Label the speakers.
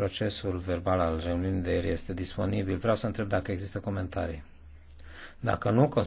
Speaker 1: Procesul verbal al reuniunii de ieri este disponibil. Vreau să întreb dacă există comentarii.
Speaker 2: Dacă nu,